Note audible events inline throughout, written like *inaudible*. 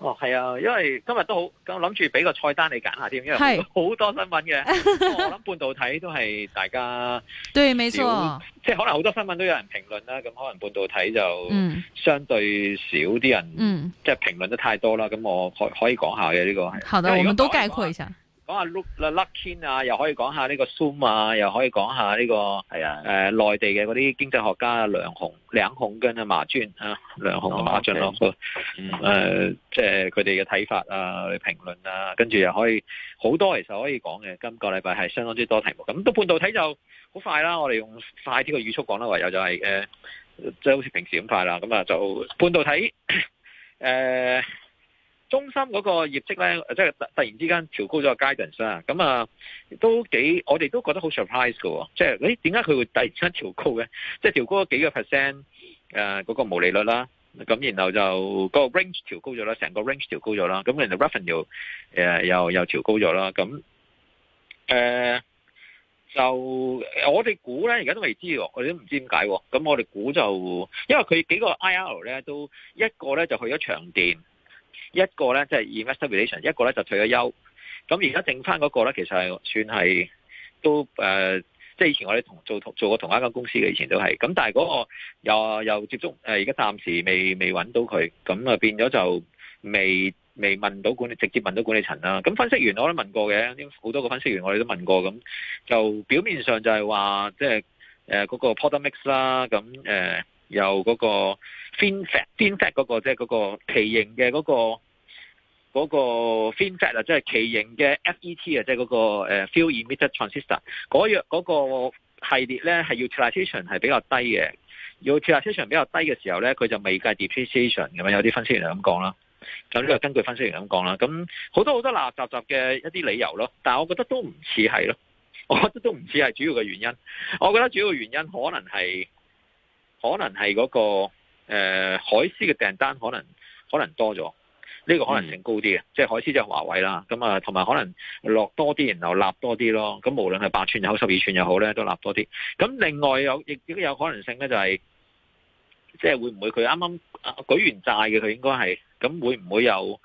哦，係啊，因為今日都好，咁我諗住俾個菜單你揀下添，因為好多新聞嘅、 *laughs* 哦。我諗半導體都係大家 *laughs* 對冇錯，即係可能好多新聞都有人評論啦。咁可能半導體就相對少啲人、嗯，即係評論得太多啦。咁、嗯、我可可以講下嘅呢、這個係。好的、的，我們都概括一下。講下 Luck Luckin 啊，又可以講下呢個 Zoom 啊，又可以講下呢個係啊，誒內、呃、地嘅嗰啲經濟學家梁紅、梁紅跟啊馬駿啊，梁紅啊、馬駿咯，誒、呃，即係佢哋嘅睇法啊、評論啊，跟住又可以好多，其實可以講嘅。今個禮拜係相當之多題目。咁到半導體就好快啦，我哋用快啲嘅語速講啦，唯有就係、是、誒，即、呃、係好似平時咁快啦。咁啊，就半導體誒。呃中芯嗰個業績咧，即係突突然之間調高咗個 Guidance 啦、啊，咁啊都幾，我哋都覺得好 surprise 喎。即係你點解佢會突然之間調高嘅？即係調高咗幾個 percent 嗰、啊那個毛利率啦，咁、啊、然後就、那個 range 調高咗啦，成個 range 調高咗啦，咁、啊、然後 revenue 又、啊、又又調高咗啦，咁、啊、誒就我哋估咧而家都未知喎，我哋都唔知點解，咁、啊、我哋估就因為佢幾個 IR 咧都一個咧就去咗長電。一個咧即係 investigation，一個咧就退咗休。咁而家剩翻嗰個咧，其實係算係都誒，即、呃、係、就是、以前我哋同做同做過同一間公司嘅，以前都係。咁但係嗰個又又接觸誒，而、呃、家暫時未未搵到佢，咁啊變咗就未未問到管理，直接問到管理層啦。咁分析員我都問過嘅，好多個分析員我哋都問過，咁就表面上就係話即係誒嗰個 Product Mix 啦，咁、呃、誒。有嗰個 FinFET、嗰個、FinFET、就、嗰、是、個即係嗰個奇、嗰個、形嘅嗰個嗰個 FinFET 啊，即係奇形嘅 FET 啊，即係嗰個 Field Emitter Transistor 嗰樣個系列咧，係 Utilisation 係比較低嘅，Utilisation 比較低嘅時候咧，佢就未計 Depreciation 咁樣，有啲分析員係咁講啦。咁呢個根據分析員咁講啦，咁好多好多垃垃雜雜嘅一啲理由咯，但係我覺得都唔似係咯，我覺得都唔似係主要嘅原因。我覺得主要嘅原因可能係。可能係嗰、那個、呃、海思嘅訂單可能可能多咗，呢、這個可能性高啲嘅，即、嗯、係海思就係華為啦。咁啊，同埋可能落多啲，然後立多啲咯。咁無論係八寸又好，十二寸又好咧，都立多啲。咁另外有亦亦有可能性咧、就是，就係即係會唔會佢啱啱舉完債嘅佢應該係咁會唔會有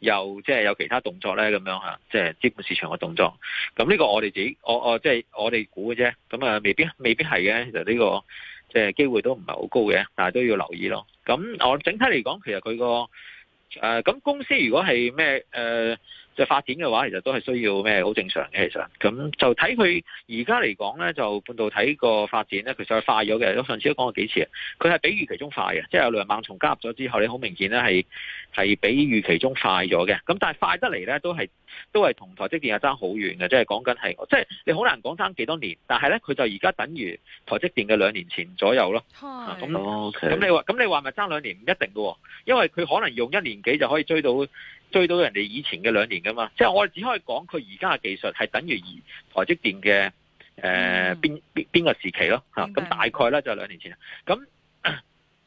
有即係、就是、有其他動作咧咁樣嚇？即、就、係、是、資本市場嘅動作。咁呢個我哋自己我我即係、就是、我哋估嘅啫。咁啊，未必未必係嘅，就呢、是這個。即係機會都唔係好高嘅，但係都要留意咯。咁我整體嚟講，其實佢個誒，咁、呃、公司如果係咩誒。呃就發展嘅話，其實都係需要咩？好正常嘅，其實咁就睇佢而家嚟講咧，就半導體個發展咧，其實係快咗嘅。我上次都講過幾次，佢係比預期中快嘅，即係有梁孟松加入咗之後，你好明顯咧係係比預期中快咗嘅。咁但係快得嚟咧，都係都係同台積電係爭好遠嘅，即係講緊係即係你好難講爭幾多年。但係咧，佢就而家等於台積電嘅兩年前左右咯。咁咁、okay. 你話咁你話咪爭兩年唔一定喎，哦，因為佢可能用一年幾就可以追到。追到人哋以前嘅兩年噶嘛，即係我哋只可以講佢而家嘅技術係等於台積電嘅誒邊邊邊個時期咯嚇咁、mm -hmm. 大概咧就係兩年前咁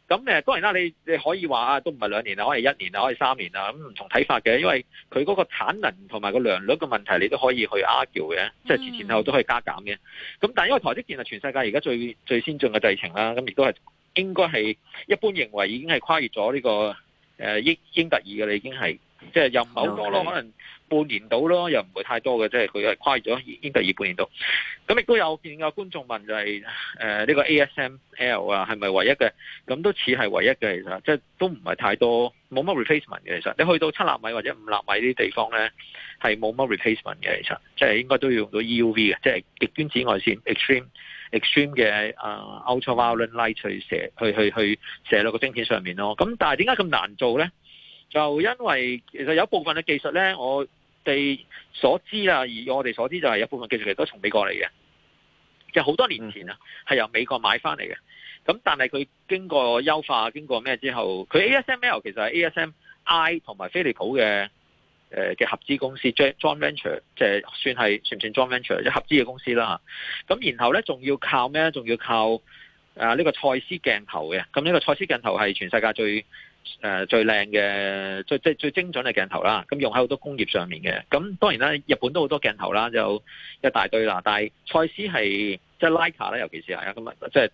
咁誒。當然啦，你你可以話啊，都唔係兩年啊，可以一年啊，可以三年啊。咁唔同睇法嘅，因為佢嗰個產能同埋個良率嘅問題，你都可以去 argue 嘅，mm -hmm. 即係前前後都可以加減嘅。咁但係因為台積電係全世界而家最最先進嘅製程啦，咁亦都係應該係一般認為已經係跨越咗呢個誒英英特爾嘅，你、呃、已經係。即係又唔係好多咯，可能半年到咯，又唔會太多嘅。即係佢係跨越咗已經第二半年到。咁亦都有見嘅觀眾問就係誒呢個 ASML 啊，係咪唯一嘅？咁都似係唯一嘅，其實即係都唔係太多，冇乜 replacement 嘅。其實你去到七納米或者五納米呢啲地方咧，係冇乜 replacement 嘅。其實即係應該都要用到 EUV 嘅，即係極端紫外線 extreme extreme 嘅啊 ultraviolet light 去射去去去，去射落個晶片上面咯。咁但係點解咁難做咧？就因為其實有部分嘅技術咧，以我哋所知啦，以我哋所知就係有部分技術其實都從美國嚟嘅，其實好多年前啊，係由美國買翻嚟嘅。咁但係佢經過優化，經過咩之後，佢 ASML 其實係 ASMI 同埋飛利浦嘅誒嘅合資公司，joint venture，即係算係算唔算 joint venture 一合資嘅公司啦。咁然後咧，仲要靠咩？仲要靠啊呢個蔡司鏡頭嘅。咁呢個蔡司鏡頭係全世界最誒、呃、最靚嘅最最精準嘅鏡頭啦，咁用喺好多工業上面嘅。咁當然啦，日本都好多鏡頭啦，就一大堆啦。但係蔡司係即係尼卡啦，尤其是係咁啊，即係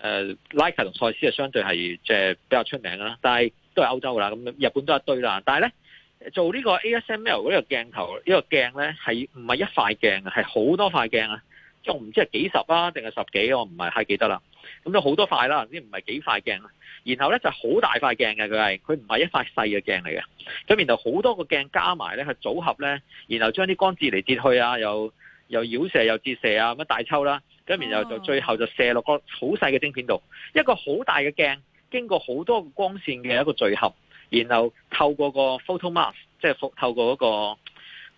i 尼卡同蔡司係相對係即係比較出名啦。但係都係歐洲噶啦，咁日本都一堆啦。但係咧做呢個 ASML 嗰個，這個鏡頭呢個鏡咧係唔係一塊鏡係係好多塊鏡啊！即我唔知係幾十啊定係十幾，我唔係太記得啦。咁就好多塊啦，啲唔係幾塊鏡啦。然後咧就好大塊鏡嘅，佢係，佢唔係一塊細嘅鏡嚟嘅。咁然後好多個鏡加埋咧去組合咧，然後將啲光折嚟折去啊，又又繞射又折射啊，咁大抽啦。咁然後就最後就射落個好細嘅晶片度，一個好大嘅鏡經過好多個光線嘅一個聚合，然後透過個 photo mask，即係透過嗰個。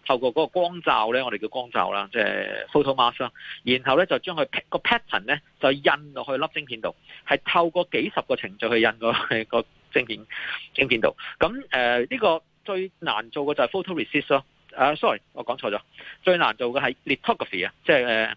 透過嗰個光罩咧，我哋叫光罩啦，即係 photo mask 啦，然後咧就將佢個 pattern 咧就印落去粒晶片度，係透過幾十個程序去印去個晶片晶片度。咁誒呢個最難做嘅就係 photo resist 咯。啊，sorry 我講錯咗，最難做嘅係 lithography 啊，即係、呃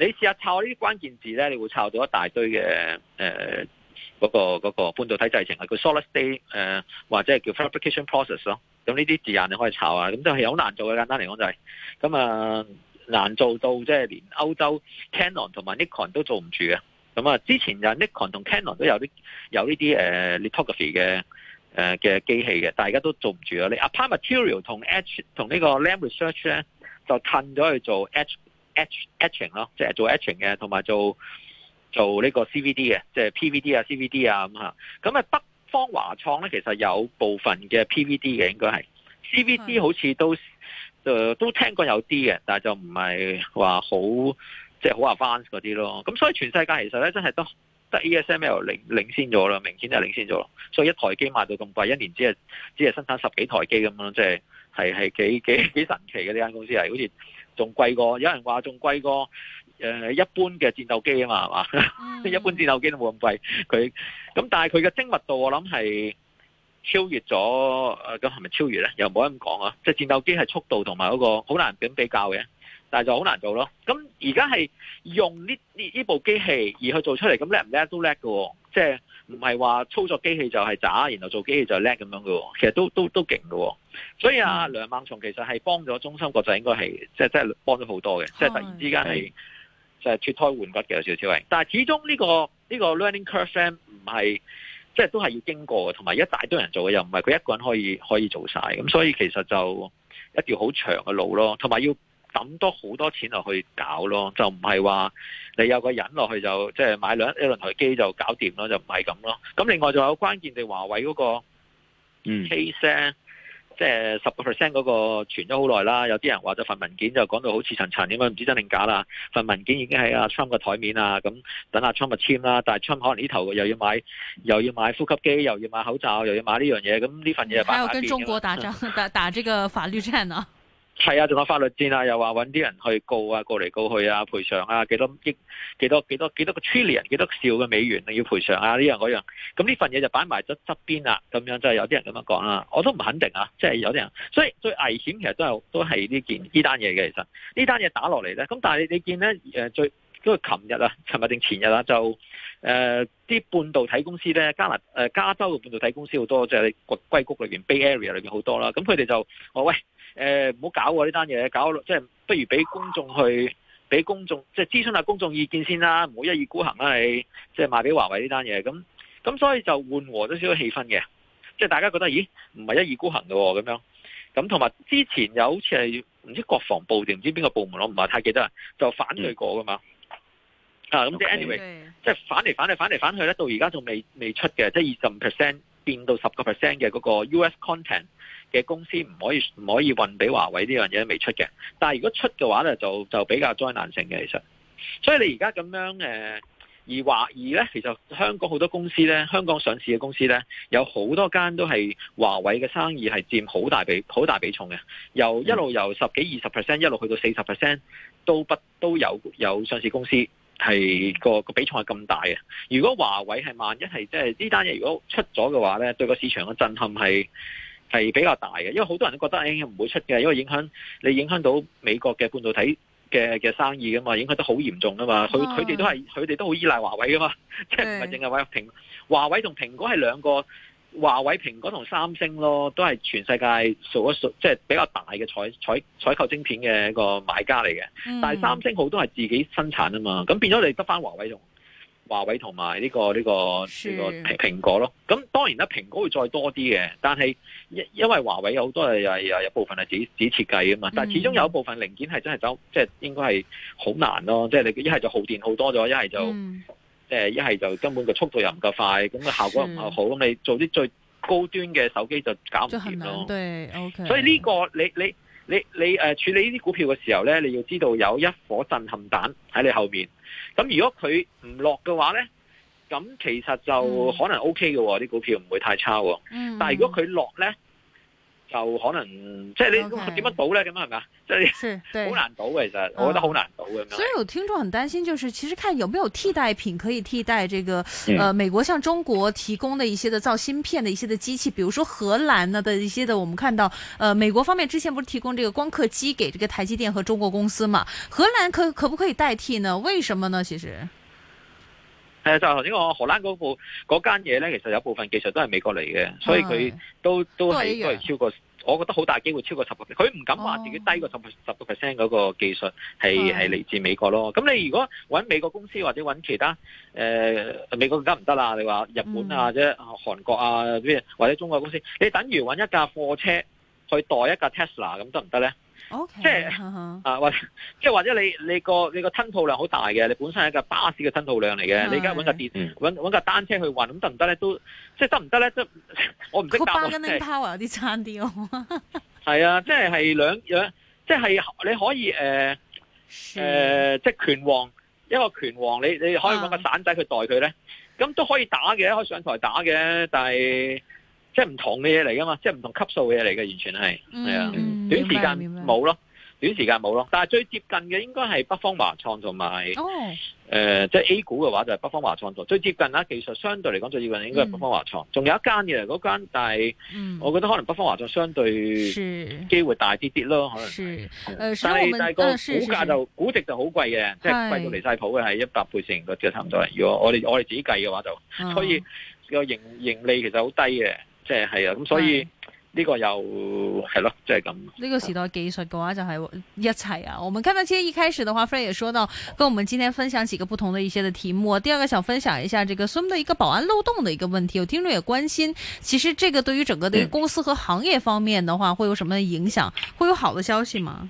你試下抄呢啲關鍵字咧，你會抄到一大堆嘅誒嗰個嗰、那個、半導體製程啊，叫 solid state 誒、呃，或者叫 fabrication process 咯、哦。咁呢啲字眼你可以抄啊。咁都係好難做嘅。簡單嚟講就係、是、咁啊，難做到即係連歐洲 Canon 同埋 Nikon 都做唔住嘅。咁啊，之前就 Nikon 同 Canon 都有啲有呢啲誒 lithography、啊、嘅誒嘅、啊、機器嘅，但大家都做唔住啊。你 APA Material 同 Edge 同呢個 Lam Research 咧，就褪咗去做 Edge。etching etching 咯，即係做 etching 嘅，同埋做做呢個 CVD 嘅，即係 PVD 啊、CVD 啊咁吓。咁啊，北方華創咧，其實有部分嘅 PVD 嘅應該係 CVD，好似都誒都聽過有啲嘅，但係就唔係話好即係好 f 話翻嗰啲咯。咁所以全世界其實咧，真係都得 ASML 領領先咗啦，明顯就係領先咗。所以一台機賣到咁貴，一年只係只係生產十幾台機咁樣，即係係係幾幾幾神奇嘅呢間公司係，好似。仲貴過，有人話仲貴過誒、呃、一般嘅戰鬥機啊嘛，係嘛？即係一般戰鬥機都冇咁貴，佢咁但係佢嘅精密度我諗係超越咗，咁係咪超越咧？又冇得咁講啊！即、就、係、是、戰鬥機係速度同埋嗰個好難點比較嘅，但係就好難做咯。咁而家係用呢呢呢部機器而去做出嚟，咁叻唔叻都叻嘅，即係唔係話操作機器就係渣，然後做機器就係叻咁樣嘅，其實都都都勁嘅。所以啊梁孟松其實係幫咗中芯國際，應該係即係即係幫咗好多嘅，即係、嗯、突然之間係就係脫胎換骨嘅。有少少係，但係始終呢、這個呢、這個 learning curve 唔係即係都係要經過嘅，同埋一大堆人做嘅，又唔係佢一個人可以可以做晒。咁所以其實就一條好長嘅路咯，同埋要抌多好多錢落去搞咯，就唔係話你有個人落去就即係、就是、買兩一輪台機就搞掂咯，就唔係咁咯。咁另外仲有關鍵嘅華為嗰個 case 嗯，he s e i 即係十個 percent 嗰個傳咗好耐啦，有啲人話咗份文件就講到好似層層咁樣，唔知真定假啦。份文件已經喺阿 Trump 嘅台面啊，咁等阿 Trump 咪簽啦。但係 Trump 可能呢頭又要買又要買呼吸機，又要買口罩，又要買呢樣嘢，咁呢份嘢要跟中國打仗， *laughs* 打打呢個法律戰啊！係啊，仲有法律戰啊，又話揾啲人去告啊，告嚟告去啊，賠償啊，幾多億、幾多、幾多、幾多個 trillion、幾多兆嘅美元要賠償啊，呢樣嗰樣，咁呢份嘢就擺埋咗側邊啦，咁樣就係、是、有啲人咁樣講啦、啊，我都唔肯定啊，即、就、係、是、有啲人，所以最危險其實都係都係呢件呢單嘢嘅，其實呢單嘢打落嚟咧，咁但係你見咧誒最，都為因琴日啊，琴日定前日啊，就誒啲、呃、半導體公司咧，加拿誒加州嘅半導體公司好多，即、就、係、是、歸硅谷裏面 Bay Area 裏邊好多啦、啊，咁佢哋就、哦、喂。誒唔好搞喎呢單嘢，搞即係、就是、不如俾公眾去，俾公眾即係、就是、諮詢下公眾意見先啦，唔好一意孤行啦你，你即係賣俾華為呢單嘢，咁咁所以就緩和咗少少氣氛嘅，即、就、係、是、大家覺得咦唔係一意孤行嘅喎、哦，咁樣咁同埋之前又好似係唔知國防部定唔知邊個部門，我唔係太記得啦，就反對過嘅嘛，嗯、啊咁即係 anyway，即、okay. 係反嚟反嚟反嚟反去咧，到而家仲未未出嘅，即係二十五 percent 變到十個 percent 嘅嗰個 US content。嘅公司唔可以唔可以運俾華為呢樣嘢未出嘅，但係如果出嘅話呢，就就比較災難性嘅其實。所以你而家咁樣誒、呃，而華而呢，其實香港好多公司呢，香港上市嘅公司呢，有好多間都係華為嘅生意係佔好大比好大比重嘅。由、嗯、一路由十幾二十 percent 一路去到四十 percent，都不都有有上市公司係個個比重係咁大嘅。如果華為係萬一係即係呢單嘢如果出咗嘅話呢，對個市場嘅震撼係。係比較大嘅，因為好多人都覺得誒唔會出嘅，因為影響你影響到美國嘅半導體嘅嘅生意噶嘛，影響得好嚴重噶嘛。佢佢哋都係佢哋都好依賴華為噶嘛，即係唔係淨係話蘋華為同蘋果係兩個華為蘋果同三星咯，都係全世界數一數即係、就是、比較大嘅採採採購晶片嘅一個買家嚟嘅、嗯。但係三星好多係自己生產啊嘛，咁變咗你得返華為用。華為同埋呢個呢個呢個蘋果咯，咁當然啦，蘋果會再多啲嘅，但係因因為華為有好多係有一部分係自己自設計啊嘛，但係始終有一部分零件係真係走，即係應該係好難咯，即係你一係就耗電好多咗，一係就即係一係就根本個速度又唔夠快，咁個效果又唔夠好，咁你做啲最高端嘅手機就搞唔掂咯，對，OK，所以呢個你你。你你你誒、呃、處理呢啲股票嘅時候咧，你要知道有一顆震撼彈喺你後面。咁如果佢唔落嘅話咧，咁其實就可能 OK 嘅喎，啲股票唔會太差，哦。嗯。但係如果佢落咧，就可能即係你點樣賭咧咁樣係咪啊？即係好、okay，就是、難賭其實，我覺得好難賭咁、哦、樣。所以有聽眾很擔心，就是其實看有沒有替代品可以替代這個，呃，美國向中國提供的一些的造芯片的一些的機器，比如說荷蘭呢的一些的，我們看到，呃，美國方面之前不是提供這個光刻機給這個台積電和中國公司嘛？荷蘭可可不可以代替呢？為什麼呢？其實？誒，就頭先個荷蘭嗰部嗰間嘢咧，其實有部分技術都係美國嚟嘅，所以佢都係係都係都係超過，我覺得好大機會超過十個 percent。佢唔敢話自己低過十十個 percent 嗰個技術係係嚟自美國咯。咁你如果揾美國公司或者揾其他誒、呃、美國國家唔得啦，你話日本啊，或、嗯、者韓國啊，或者中國公司，你等於揾一架貨車去代一架 Tesla 咁得唔得咧？即、okay, 係、就是、啊，或即係或者你你個你個吞吐量好大嘅，你本身係架巴士嘅吞吐量嚟嘅，你而家搵架電搵搵架單車去運，咁得唔得咧？都即係得唔得咧？都我唔識打。嗰巴跟拎 power 有啲差啲咯。係 *laughs* 啊，即係係兩樣，即係你可以誒誒、呃呃，即係拳王一個拳王，你你可以搵個散仔去代佢咧，咁、啊、都可以打嘅，可以上台打嘅，但係即係唔同嘅嘢嚟㗎嘛，即係唔同，同級數嘅嘢嚟嘅，完全係係啊。嗯短時間冇咯，短時間冇咯，咯。但係最接近嘅應該係北方華創同埋，誒、okay. 呃，即係 A 股嘅話就係北方華創。最接近啦，技術相對嚟講，最接近應該係北方華創。仲、嗯、有一間嘅，間但係，我覺得可能北方華創相對機會大啲啲咯、嗯。可能係係，但係、呃、但係個股價就估值就好貴嘅，即係貴到離晒譜嘅，係一百倍成個只差唔多。如果我哋我哋自己計嘅話就，就、哦、所以個盈盈利其實好低嘅，即係係啊，咁所以。Okay. 呢、這個又係咯，即係咁。呢、就是這個時代技術嘅話就係一切啊！我們看到今日先一開始的話 Fred 也說到，跟我們今天分享幾個不同的一些嘅題目。我第二個想分享一下，這個 Zoom 的一個保安漏洞的一個問題，有聽眾也關心。其實這個對於整個嘅公司和行業方面的話，會有什麼影響？會有好的消息嗎？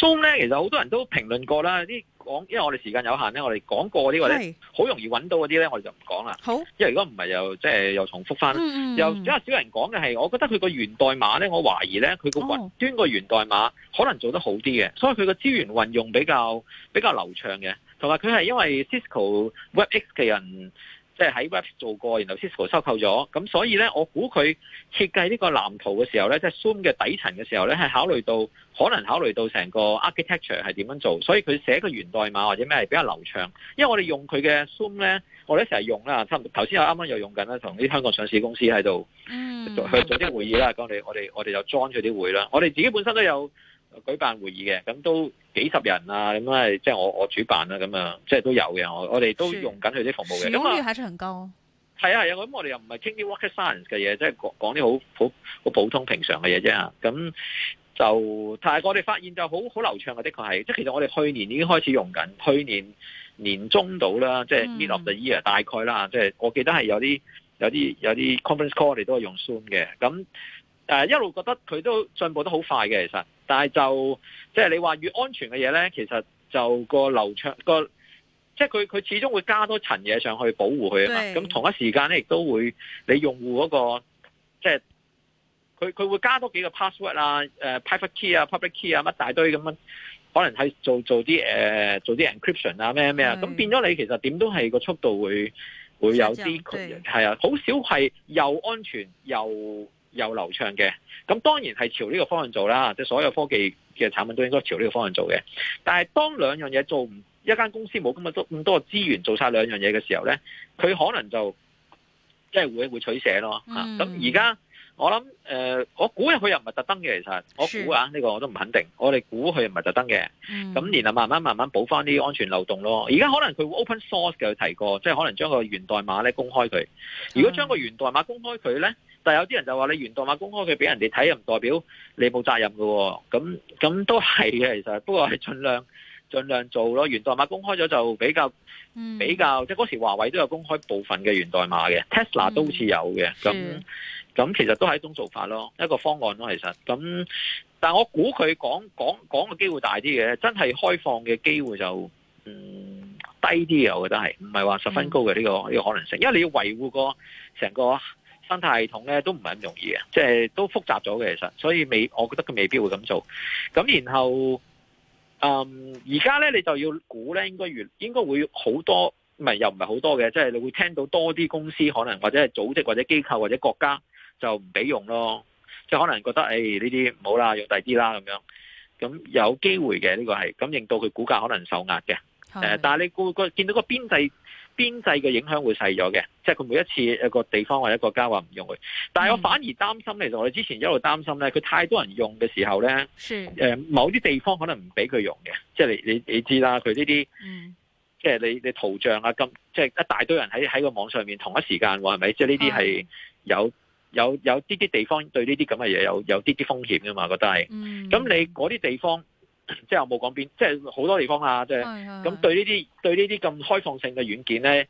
Zoom 咧，嗯、so, 其實好多人都評論過啦，啲。講，因為我哋時間有限咧，我哋講過啲或者好容易揾到嗰啲咧，我哋就唔講啦。好，因為如果唔係又即係又重複翻，又而家少人講嘅係，我覺得佢個源代碼咧，我懷疑咧，佢個雲端個源代碼可能做得好啲嘅、哦，所以佢個資源運用比較比較流暢嘅，同埋佢係因為 Cisco Webex 嘅人。即係喺 WebEx 做過，然後 Cisco 收購咗，咁所以咧，我估佢設計呢個藍圖嘅時候咧，即係 Zoom 嘅底層嘅時候咧，係考慮到可能考慮到成個 architecture 係點樣做，所以佢寫個源代碼或者咩係比較流暢，因為我哋用佢嘅 Zoom 咧，我哋成日用啦，差唔多，頭先又啱啱又用緊啦，同啲香港上市公司喺度，去做啲會議啦，講我哋我哋我哋又裝咗啲會啦，我哋自己本身都有。舉辦會議嘅，咁都幾十人啊，咁係即係我我主辦啦，咁樣即係都有嘅。我我哋都用緊佢啲服務嘅，使用率還是很高。係啊係啊，咁、啊啊、我哋又唔係傾啲 rocket science 嘅嘢，即係講講啲好好好普通平常嘅嘢啫。咁就但係我哋發現就好好流暢嘅，的確係。即、就、係、是、其實我哋去年已經開始用緊，去年年中到啦，即係 mid of the year，大概啦，即、嗯、係、就是、我記得係有啲有啲有啲 conference call，我哋都係用 Zoom 嘅咁。誒、啊，一路覺得佢都進步得好快嘅，其實，但係就即係、就是、你話越安全嘅嘢咧，其實就個流暢個，即係佢佢始終會加多層嘢上去保護佢啊嘛。咁同一時間咧，亦都會你用戶嗰、那個即係佢佢會加多幾個 password 啊、uh, 誒 private key 啊、public key 啊，乜一大堆咁樣，可能係做做啲誒，做啲、uh, encryption 啊咩咩啊。咁變咗你其實點都係個速度會會有啲，係啊，好少係又安全又。又流暢嘅，咁當然係朝呢個方向做啦，即係所有科技嘅產品都應該朝呢個方向做嘅。但係當兩樣嘢做唔，一間公司冇咁多咁多資源做晒兩樣嘢嘅時候咧，佢可能就即係會會取捨咯。咁而家我諗誒，我估佢、呃、又唔係特登嘅。其實我估啊，呢、呢個我都唔肯定。我哋估佢唔係特登嘅。咁然後慢慢慢慢補翻啲安全漏洞咯。而家可能佢會 open source 嘅，佢提過即係可能將個源代碼咧公開佢。如果將個源代碼公開佢咧。但係有啲人就話你源代碼公開佢俾人哋睇又唔代表你冇責任嘅。哦，咁咁都係嘅其實，不過係盡量盡量做咯。源代碼公開咗就比較、嗯、比較，即係嗰時華為都有公開部分嘅源代碼嘅，Tesla 都好似有嘅，咁、嗯、咁其實都係一種做法咯，一個方案咯其實。咁但係我估佢講講講嘅機會大啲嘅，真係開放嘅機會就嗯低啲嘅，我覺得係，唔係話十分高嘅呢、這個呢、嗯這個可能性，因為你要維護個成個。生態系統咧都唔係咁容易嘅，即係都複雜咗嘅，其實，所以未，我覺得佢未必會咁做。咁然後，嗯，而家咧你就要估咧，應該原應該會好多，唔係又唔係好多嘅，即係你會聽到多啲公司可能或者係組織或者機構或者國家就唔俾用咯，即係可能覺得誒呢啲唔好啦，用第二啲啦咁樣。咁有機會嘅呢個係咁認到佢股價可能受壓嘅。誒，但係你估個見到個邊際。邊際嘅影響會細咗嘅，即係佢每一次有個地方或者一個國家話唔用佢，但係我反而擔心，嗯，其實我哋之前一路擔心咧，佢太多人用嘅時候咧，誒，某啲地方可能唔俾佢用嘅，即係你你你知啦，佢呢啲，即係你你圖像啊咁，即係一大堆人喺喺個網上面同一時間，係咪？即係呢啲係有有有啲啲地方對呢啲咁嘅嘢有有啲啲風險噶嘛？覺得係，嗯，咁你嗰啲地方。即係我冇講邊，即係好多地方啊！即係咁對呢啲對呢啲咁開放性嘅軟件呢，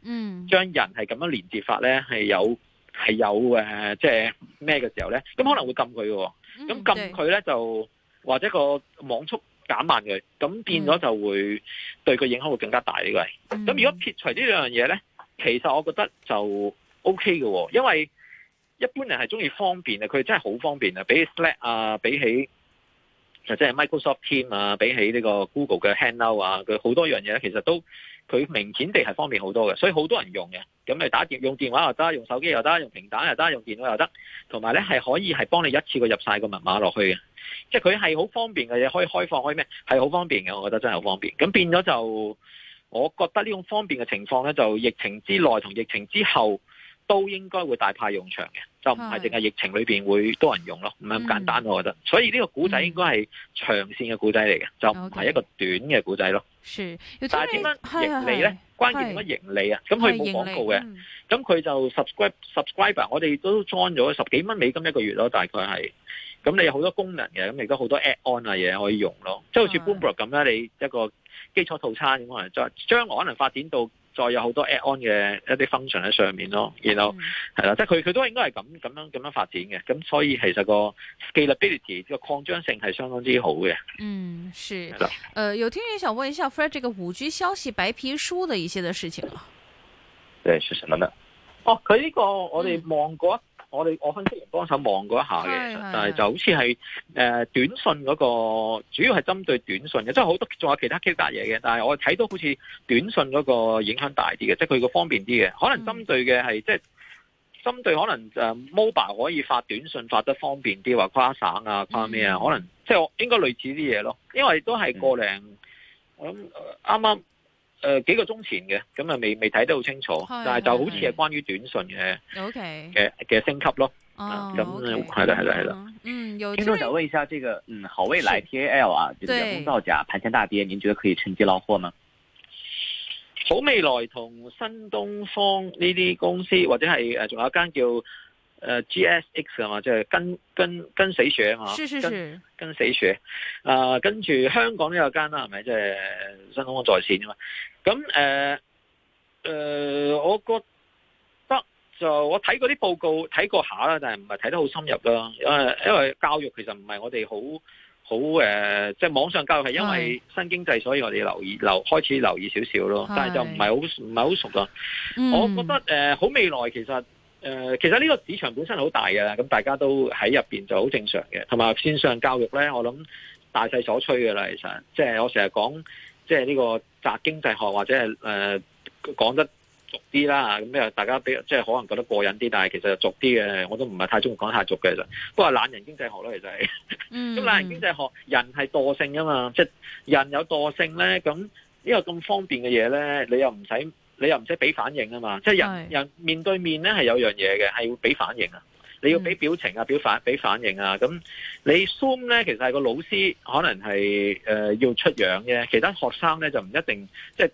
將、嗯、人係咁樣連接法呢，係有係有誒，即係咩嘅時候呢，咁可能會撳佢喎、哦。咁、嗯、撳佢呢，是是就或者個網速減慢佢，咁變咗就會對佢影響會更加大呢個。咁、嗯、如果撇除呢兩樣嘢呢，其實我覺得就 O K 嘅，因為一般人係中意方便啊，佢真係好方便 slack 啊，比起 s l a p 啊，比起。即係 Microsoft Team 啊，比起呢個 Google 嘅 Hangout 啊，佢好多樣嘢咧，其實都佢明顯地係方便好多嘅，所以好多人用嘅。咁你打電用電話又得，用手機又得，用平板又得，用電腦又得，同埋咧係可以係幫你一次過入晒個密碼落去嘅，即係佢係好方便嘅嘢，可以開放可以咩，係好方便嘅，我覺得真係好方便。咁變咗就，我覺得呢種方便嘅情況咧，就疫情之內同疫情之後都應該會大派用場嘅。就唔係淨係疫情裏面會多人用咯，唔係咁簡單我覺得。嗯、所以呢個股仔應該係長線嘅股仔嚟嘅，就唔係一個短嘅股仔咯。嗯 okay. 但係點樣盈利咧？關鍵點樣盈利啊？咁佢冇廣告嘅，咁佢就 subscribe subscriber，嗯、我哋都裝咗十幾蚊美金一個月咯，大概係。咁你有好多功能嘅，咁亦都好多 app on 啊嘢可以用咯，即係好似 Bloomberg 咁啦，你一個基礎套餐咁可能將將來可能發展到。再有好多 add-on 嘅一啲 function 喺上面咯，然後，係、嗯、啦，即係佢佢都應該係咁咁樣咁樣，樣發展嘅，咁所以其實個 scalability 個擴張性係相當之好嘅。嗯，是。啦，誒、呃，有聽眾想問一下 Fred 關於這個五 G 消息白皮書的一些嘅事情啊。誒，是實麼啦。哦，佢呢個我哋望過、啊。我哋我分析人幫手望過一下嘅，是是是是，但係就好似係誒，短信嗰個主要係針對短信嘅，即係好多仲有其他其他嘢嘅。但係我睇到好似短信嗰個影響大啲嘅，即係佢個方便啲嘅，可能針對嘅係即係針對可能 mobile 可以發短信發得方便啲，話跨省啊跨咩啊，可能即係我應該類似啲嘢咯，因為都係過量，我諗啱啱。.誒、呃，幾個鐘前嘅，咁啊未未睇得好清楚，是是是但係就好似係關於短訊嘅，OK 嘅嘅升級咯，咁係啦係啦係啦，嗯，有聽眾想，想問一下，呢個嗯好未來 T A L 啊，就員工造假，盤前大跌，您覺得可以趁機撈貨嗎？好未來同新東方呢啲公司，或者係誒仲有一間叫。誒、呃、，G S X 啊嘛，即、就、係、是、跟跟跟誰學啊？嘛，是,是,是跟,跟誰學？誒、呃，跟住香港都有間啦，係咪、就是？即係新東方在線啊嘛。咁誒誒，我覺得就我睇過啲報告，睇過下啦，但係唔係睇得好深入咯。因、呃、為因為教育其實唔係我哋好好誒，即係、呃就是、網上教育係因為新經濟，所以我哋留意留開始留意少少咯。但係就唔係好唔係好熟咯、嗯。我覺得誒，好、呃、未來其實。誒、呃，其實呢個市場本身好大嘅，咁大家都喺入邊就好正常嘅。同埋線上教育咧，我諗大勢所趨嘅啦，其實。即係我成日講，即係呢個宅經濟學或者係誒講得俗啲啦，咁又大家比即係、就是、可能覺得過癮啲，但係其實就俗啲嘅，我都唔係太中意講太俗嘅，其實，不過懶人經濟學啦，其實係，mm-hmm. *laughs* 咁懶人經濟學，人係惰性啊嘛，即、就、係、是、人有惰性咧，咁呢個咁方便嘅嘢咧，你又唔使。你又唔使俾反應啊嘛，即係人人面對面咧係有樣嘢嘅，係要俾反、啊嗯、反、反應啊。你要俾表情啊，表反俾反應啊。咁你 Zoom 咧其實係個老師可能係誒、呃、要出樣嘅。其他學生咧就唔一定。即係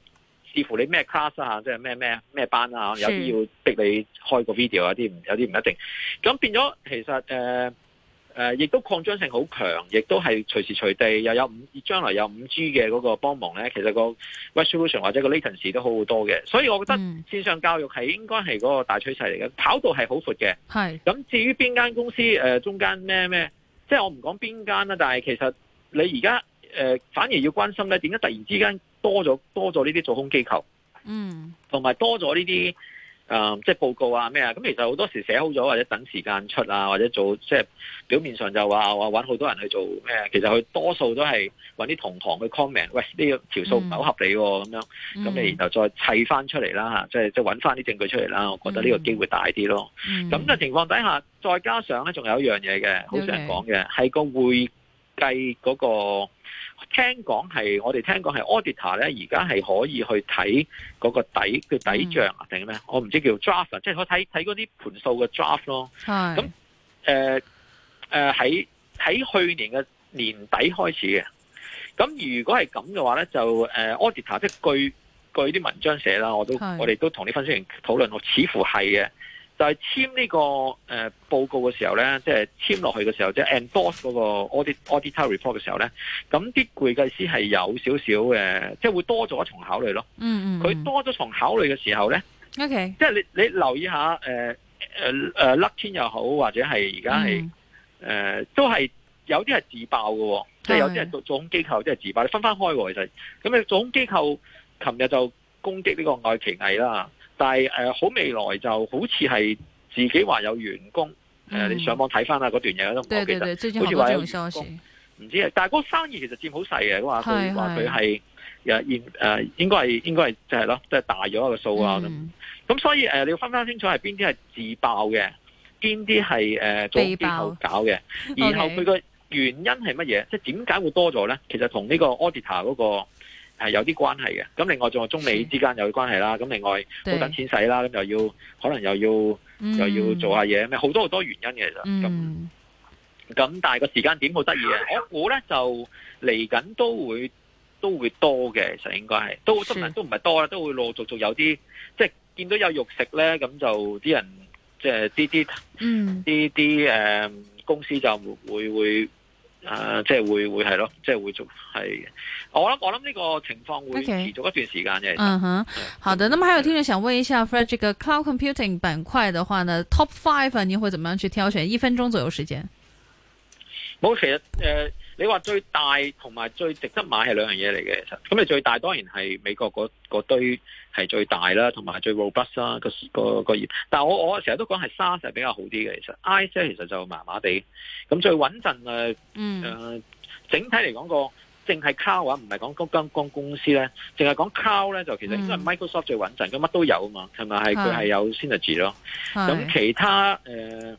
視乎你咩 class 啊，即係咩咩咩班啊，有啲要逼你開個 video，有啲唔有啲唔一定。咁變咗其實誒。呃誒、呃，亦都擴張性好強，亦都係隨時隨地又有五，將來有五 G 嘅嗰個幫忙咧。其實個 resolution 或者個 latency 都好好多嘅，所以我覺得線上教育係應該係嗰個大趨勢嚟嘅，跑道係好闊嘅。係。咁至於邊間公司、呃、中間咩咩，即係我唔講邊間啦，但係其實你而家、呃、反而要關心咧，點解突然之間多咗多咗呢啲做空機構？嗯，同埋多咗呢啲。誒、嗯，即係報告啊，咩啊？咁其實好多時寫好咗，或者等時間出啊，或者做即係表面上就話話搵好多人去做咩？其實佢多數都係搵啲同行去 comment，喂呢個條數唔係好合理咁、哦、樣，咁你然後再砌翻出嚟啦吓，即係即係搵翻啲證據出嚟啦。我覺得呢個機會大啲咯。咁、嗯、嘅、嗯、情況底下，再加上咧，仲有一樣嘢嘅，好少人講嘅，係、okay. 個會計嗰、那個。聽講係我哋聽講係 auditor 咧，而家係可以去睇嗰個底叫底賬啊，定咩、嗯？我唔知叫 draft，、啊、即係可睇睇嗰啲盤數嘅 draft 咯。係咁，誒誒，喺、呃、喺、呃呃、去年嘅年底開始嘅。咁如果係咁嘅話咧，就誒、呃、auditor 即係據據啲文章寫啦，我都我哋都同啲分析員討論，我似乎係嘅。就係、是、簽呢、這個誒、呃、報告嘅時候咧，即、就、係、是、簽落去嘅時候，即、就、係、是、endorse 嗰個 audit audit report 嘅時候咧，咁啲會計師係有少少嘅，即、就、係、是、會多咗一重考慮咯。嗯嗯，嗯，佢多咗重考慮嘅時候咧，OK，即係、就是、你你留意一下誒誒 Luckin 又好，或者係而家係誒，都係有啲係自爆喎。即、嗯、係、嗯就是、有啲係做做空機構，即、就、係、是、自爆，分分開喎其實。咁你做空機構琴日就攻擊呢個愛奇藝啦。但係誒好未來就好似係自己話有員工誒、嗯呃，你上網睇翻啦嗰段嘢都唔記得。好似話有員工唔知啊，但係嗰生意其實佔好細嘅，話佢話佢係誒應誒應該係應該係就係、是、咯，係大咗個數啊咁。咁所以誒、呃，你要分翻清楚係邊啲係自爆嘅，邊啲係誒做之後搞嘅，然後佢個原因係乜嘢？ *laughs* 即係點解會多咗咧？其實同呢個 auditor 嗰、那個。係有啲關係嘅，咁另外仲有中美之間有啲關係啦，咁另外好等錢使啦，咁又要可能又要、嗯、又要做下嘢咩，好多好多原因嘅其實。咁、嗯、咁但係個時間點好得意呀，我估咧就嚟緊都會都會多嘅，其實應該係都都唔都唔係多啦，都會陸陸續續有啲即係見到有肉食咧，咁就啲人即係啲啲啲啲誒公司就會會。會啊、呃，即係會會係咯，即係會續係。我諗我諗呢個情況會持續一段時間嘅。Okay. 嗯。嗯哼，好的。那麼還有聽眾想問一下 Fred，這個 cloud computing 板塊的話呢，top five，啊，你會怎麼樣去挑選？一分鐘左右時間。冇事誒。其實呃你話最大同埋最值得買係兩樣嘢嚟嘅，其實咁你最大當然係美國嗰嗰、嗰個、堆係最大啦，同埋最 robust 啦、嗰個、嗰個個業。但係我我成日都講係 SaaS 比較好啲嘅，其實 IaaS 其實就麻麻地。咁最穩陣誒誒，整體嚟講個淨係 cloud 話，唔係講嗰間間公司咧，淨係講 cloud 咧就其實應該係 Microsoft 最穩陣，咁、嗯、乜都有啊嘛，係咪係佢係有 synergy 咯。咁其他誒。呃